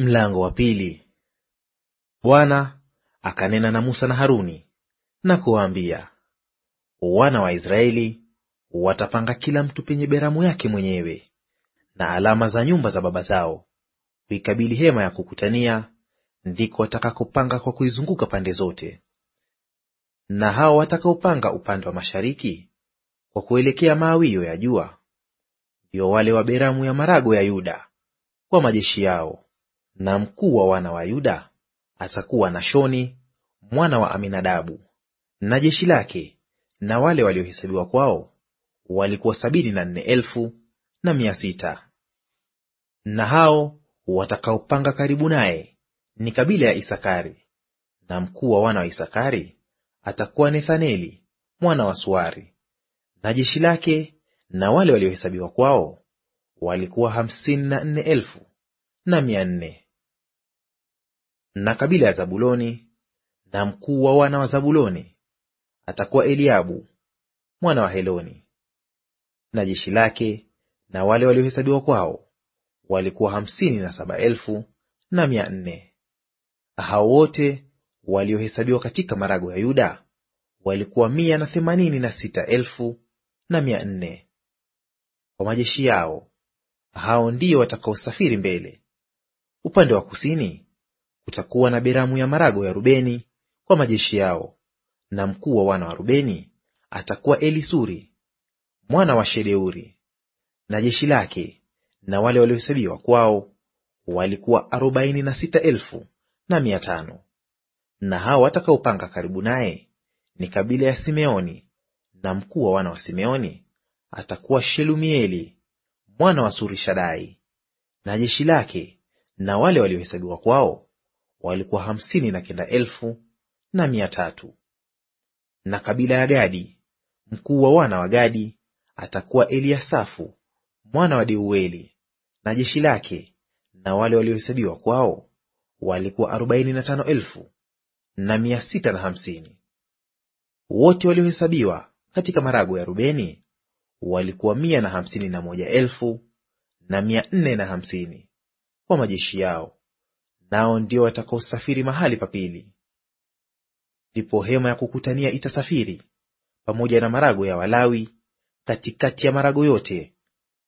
Mlango wa pili. Bwana akanena na Musa na Haruni na kuwaambia, wana wa Israeli watapanga kila mtu penye beramu yake mwenyewe na alama za nyumba za baba zao, kuikabili hema ya kukutania, ndiko watakakopanga kwa kuizunguka pande zote. Na hao watakaopanga upande wa mashariki kwa kuelekea maawio ya jua, ndio wale wa beramu ya marago ya Yuda kwa majeshi yao na mkuu wa wana wa Yuda atakuwa Nashoni mwana wa Aminadabu, na jeshi lake na wale waliohesabiwa kwao walikuwa sabini na nne elfu na mia sita. Na hao watakaopanga karibu naye ni kabila ya Isakari, na mkuu wa wana wa Isakari atakuwa Nethaneli mwana wa Suari, na jeshi lake na wale waliohesabiwa kwao walikuwa hamsini na nne elfu na mia nne na kabila ya Zabuloni, na mkuu wa wana wa Zabuloni atakuwa Eliabu mwana wa Heloni. Na jeshi lake na wale waliohesabiwa kwao walikuwa hamsini na saba elfu na mia nne. Hao wote waliohesabiwa katika marago ya Yuda walikuwa mia na themanini na sita elfu na mia nne kwa majeshi yao. Hao ndio watakaosafiri mbele. Upande wa kusini Kutakuwa na beramu ya marago ya Rubeni kwa majeshi yao. Na mkuu wa wana wa Rubeni atakuwa Elisuri mwana wa Shedeuri. Na jeshi lake na wale waliohesabiwa kwao walikuwa arobaini na sita elfu na mia tano. Na hao watakaopanga karibu naye ni kabila ya Simeoni, na mkuu wa wana wa Simeoni atakuwa Shelumieli mwana wa Surishadai. Na jeshi lake na wale waliohesabiwa kwao walikuwa hamsini na kenda elfu na mia tatu. Na kabila ya Gadi, mkuu wa wana wa Gadi atakuwa Eliasafu mwana wa Deueli, na jeshi lake na wale waliohesabiwa kwao walikuwa arobaini na tano elfu na mia sita na hamsini. Wote waliohesabiwa katika marago ya Rubeni walikuwa mia na hamsini na moja elfu na mia nne na hamsini kwa majeshi yao nao ndio watakaosafiri mahali pa pili. Ndipo hema ya kukutania itasafiri pamoja na marago ya Walawi katikati ya marago yote;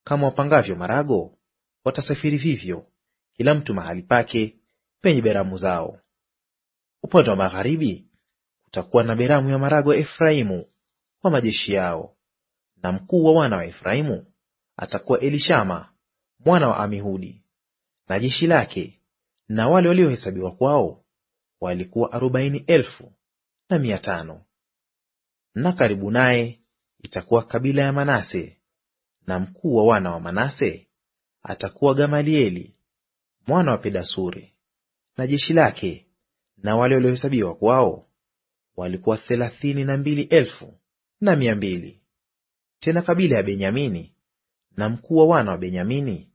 kama wapangavyo marago, watasafiri vivyo, kila mtu mahali pake penye beramu zao. Upande wa magharibi kutakuwa na beramu ya marago ya Efraimu kwa majeshi yao, na mkuu wa wana wa Efraimu atakuwa Elishama mwana wa Amihudi na jeshi lake na wale waliohesabiwa kwao walikuwa arobaini elfu na mia tano. Na karibu naye itakuwa kabila ya Manase, na mkuu wa wana wa Manase atakuwa Gamalieli mwana wa Pedasuri, na jeshi lake na wale waliohesabiwa kwao walikuwa thelathini na mbili elfu na mia mbili. Tena kabila ya Benyamini, na mkuu wa wana wa Benyamini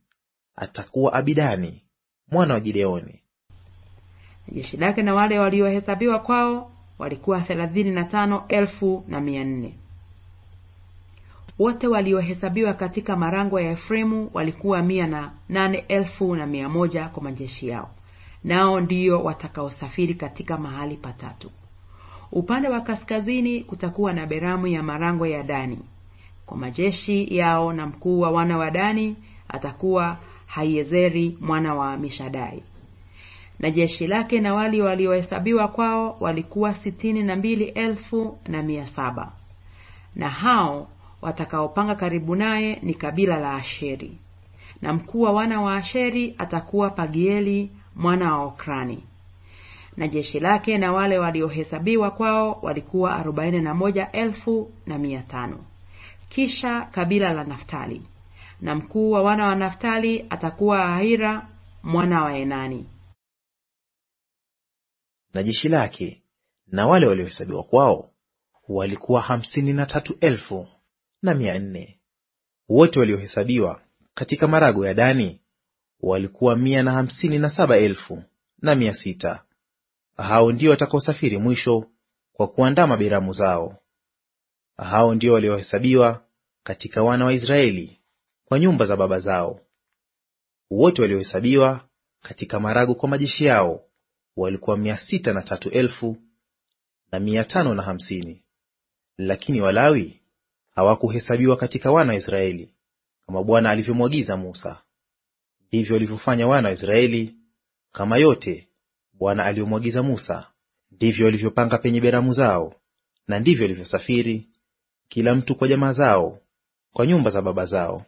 atakuwa Abidani mwana wa Gideoni. Jeshi lake na wale waliohesabiwa kwao walikuwa thelathini na tano elfu na mia nne. Wote waliohesabiwa katika marango ya Efremu walikuwa mia na nane elfu na mia moja kwa majeshi yao, nao ndiyo watakaosafiri katika mahali patatu. Upande wa kaskazini kutakuwa na beramu ya marango ya Dani kwa majeshi yao, na mkuu wa wana wa Dani atakuwa Haiezeri mwana wa Amishadai na jeshi lake na wali waliohesabiwa kwao walikuwa sitini na mbili elfu na mia saba na hao watakaopanga karibu naye ni kabila la Asheri na mkuu wa wana wa Asheri atakuwa Pagieli mwana wa Okrani na jeshi lake na wale waliohesabiwa kwao walikuwa arobaini na moja elfu na mia tano. Kisha kabila la Naftali na mkuu wa wana wa Naftali atakuwa Ahira mwana wa Enani na jeshi lake na wale waliohesabiwa kwao walikuwa hamsini na tatu elfu na mia nne. Wote waliohesabiwa katika marago ya Dani walikuwa mia na hamsini na saba elfu na mia sita. Hao ndio watakaosafiri mwisho kwa kuandaa mabiramu zao. Hao ndio waliohesabiwa katika wana wa Israeli kwa nyumba za baba zao. Wote waliohesabiwa katika marago kwa majeshi yao walikuwa mia sita na tatu elfu na mia tano na hamsini. Lakini Walawi hawakuhesabiwa katika wana wa Israeli kama Bwana alivyomwagiza Musa. Hivyo walivyofanya wana wa Israeli kama yote Bwana aliyomwagiza Musa, ndivyo walivyopanga penye beramu zao, na ndivyo walivyosafiri kila mtu kwa jamaa zao, kwa nyumba za baba zao.